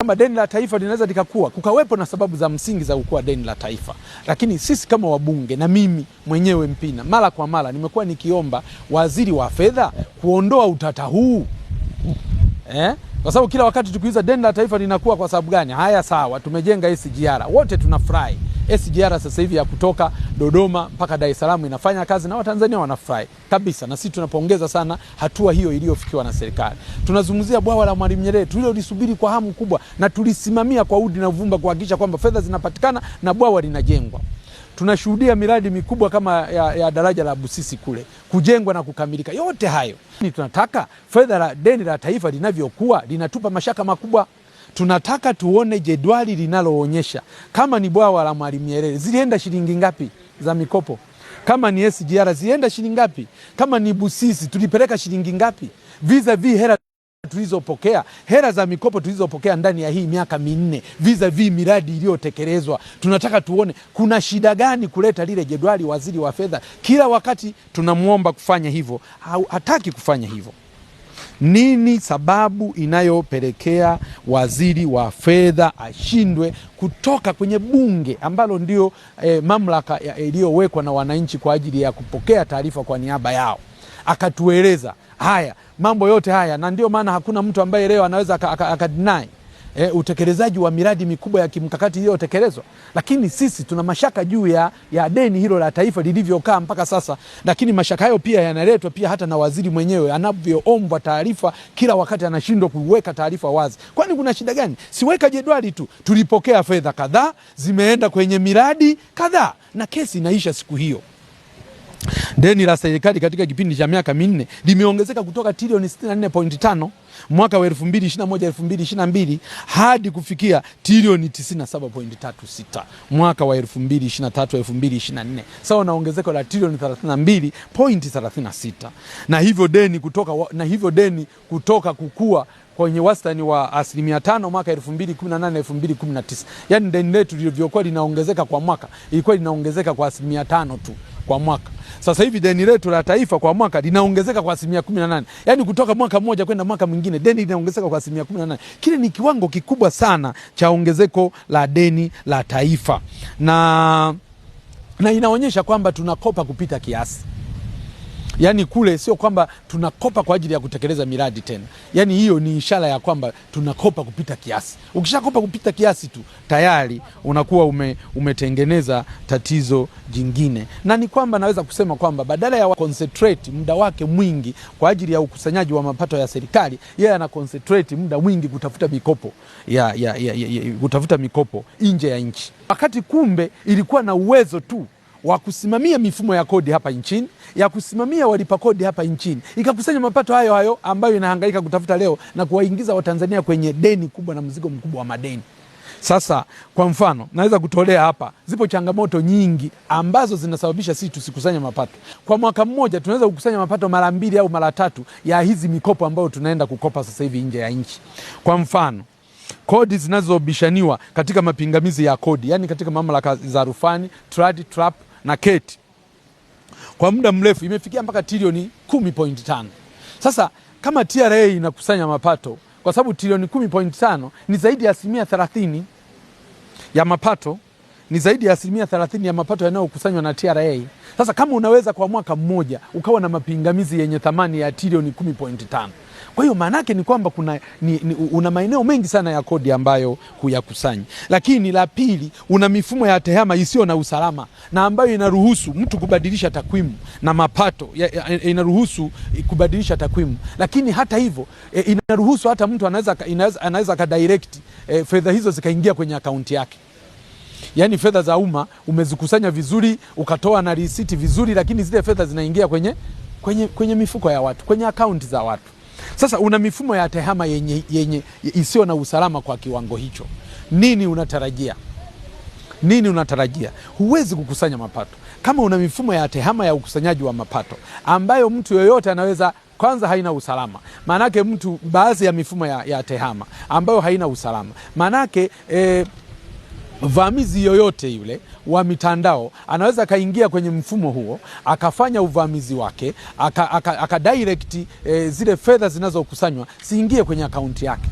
kama deni la taifa linaweza likakua, kukawepo na sababu za msingi za kukua deni la taifa, lakini sisi kama wabunge na mimi mwenyewe Mpina, mara kwa mara nimekuwa nikiomba waziri wa fedha kuondoa utata huu eh? Kwa sababu kila wakati tukiuliza deni la taifa linakuwa kwa sababu gani? Haya, sawa, tumejenga SGR wote tunafurahi. SGR sasa hivi ya kutoka Dodoma mpaka Dar es Salaam inafanya kazi na Watanzania wanafurahi kabisa, na sisi tunapongeza sana hatua hiyo iliyofikiwa na serikali. Tunazungumzia bwawa la Mwalimu Nyerere tulilolisubiri kwa hamu kubwa, na tulisimamia kwa udi na uvumba kuhakikisha kwamba fedha zinapatikana na bwawa linajengwa tunashuhudia miradi mikubwa kama ya, ya daraja la Busisi kule kujengwa na kukamilika. Yote hayo ni tunataka fedha la deni la taifa linavyokuwa linatupa mashaka makubwa tunataka tuone jedwali linaloonyesha kama ni bwawa la Mwalimu Nyerere zilienda shilingi ngapi za mikopo, kama ni SGR zilienda shilingi ngapi, kama ni Busisi tulipeleka shilingi ngapi, visa vi hela tulizopokea hela za mikopo tulizopokea ndani ya hii miaka minne, visa vi miradi iliyotekelezwa. Tunataka tuone kuna shida gani kuleta lile jedwali. Waziri wa Fedha kila wakati tunamwomba kufanya hivyo, hataki kufanya hivyo. Nini sababu inayopelekea waziri wa fedha ashindwe kutoka kwenye bunge ambalo ndio eh, mamlaka iliyowekwa na wananchi kwa ajili ya kupokea taarifa kwa niaba yao, akatueleza haya mambo yote haya, na ndio maana hakuna mtu ambaye leo anaweza akadinai aka, aka e, utekelezaji wa miradi mikubwa ya kimkakati iliyotekelezwa, lakini sisi tuna mashaka juu ya, ya deni hilo la taifa lilivyokaa mpaka sasa. Lakini mashaka hayo pia yanaletwa pia hata na waziri mwenyewe anavyoombwa taarifa kila wakati anashindwa kuweka taarifa wazi. Kwani kuna shida gani? Siweka jedwali tu, tulipokea fedha kadhaa, zimeenda kwenye miradi kadhaa na kesi inaisha siku hiyo. Deni la serikali katika kipindi cha miaka minne limeongezeka kutoka trilioni 64.5 mwaka wa 2021 2022 hadi kufikia trilioni 97.36 mwaka wa 2023 2024, sawa na ongezeko la trilioni 32.36, na hivyo deni kutoka, na hivyo deni kutoka kukua kwenye wastani wa asilimia tano mwaka 2018 2019. Yani deni letu lilivyokuwa linaongezeka kwa mwaka ilikuwa linaongezeka kwa asilimia tano tu kwa mwaka sasa hivi deni letu la taifa kwa mwaka linaongezeka kwa asilimia kumi na nane yaani kutoka mwaka mmoja kwenda mwaka mwingine deni linaongezeka kwa asilimia kumi na nane Kile ni kiwango kikubwa sana cha ongezeko la deni la taifa na na inaonyesha kwamba tunakopa kupita kiasi yani kule sio kwamba tunakopa kwa ajili ya kutekeleza miradi tena, yani hiyo ni ishara ya kwamba tunakopa kupita kiasi. Ukishakopa kupita kiasi tu tayari unakuwa ume, umetengeneza tatizo jingine, na ni kwamba naweza kusema kwamba badala ya concentrate muda wake mwingi kwa ajili ya ukusanyaji wa mapato ya serikali, yeye ana concentrate muda mwingi kutafuta mikopo ya, ya, ya, ya, ya, kutafuta mikopo nje ya nchi, wakati kumbe ilikuwa na uwezo tu wa kusimamia mifumo ya kodi hapa nchini, ya kusimamia walipa kodi hapa nchini, ikakusanya mapato hayo hayo ambayo inahangaika kutafuta leo na kuwaingiza Watanzania kwenye deni kubwa na mzigo mkubwa wa madeni. Sasa kwa mfano, naweza kutolea hapa, zipo changamoto nyingi ambazo zinasababisha sisi tusikusanye mapato. Kwa mwaka mmoja tunaweza kukusanya mapato mara mbili au mara tatu ya hizi mikopo ambayo tunaenda kukopa sasa hivi nje ya nchi. Kwa mfano, kodi zinazobishaniwa katika mapingamizi ya kodi, yani katika mamlaka za rufani, TRAD, TRAP na keti kwa muda mrefu imefikia mpaka trilioni 10.5. Sasa kama TRA inakusanya mapato kwa sababu trilioni 10.5 ni zaidi ya asilimia 30 ya mapato ni zaidi ya asilimia thelathini ya mapato yanayokusanywa na TRA. Sasa kama unaweza kwa mwaka mmoja ukawa na mapingamizi yenye thamani ya trilioni 10.5 kwa hiyo maana yake ni kwamba kuna ni, ni, una maeneo mengi sana ya kodi ambayo huyakusanyi. Lakini la pili, una mifumo ya tehama isiyo na usalama na ambayo inaruhusu mtu kubadilisha takwimu na mapato ya, ya, inaruhusu kubadilisha takwimu, lakini hata hivyo e, inaruhusu hata mtu anaweza anaweza akadirect e, fedha hizo zikaingia kwenye akaunti yake yani fedha za umma umezikusanya vizuri, ukatoa na risiti vizuri, lakini zile fedha zinaingia kwenye, kwenye, kwenye mifuko ya watu, kwenye akaunti za watu. Sasa una mifumo ya tehama yenye, yenye isiyo na usalama kwa kiwango hicho, nini unatarajia? Nini unatarajia? Huwezi kukusanya mapato kama una mifumo ya tehama ya ukusanyaji wa mapato ambayo mtu yoyote anaweza kwanza haina usalama maanake, mtu baadhi ya mifumo ya, ya tehama ambayo haina usalama maanake eh, mvamizi yoyote yule wa mitandao anaweza akaingia kwenye mfumo huo akafanya uvamizi wake akadirect aka, aka e, zile fedha zinazokusanywa siingie kwenye akaunti yake.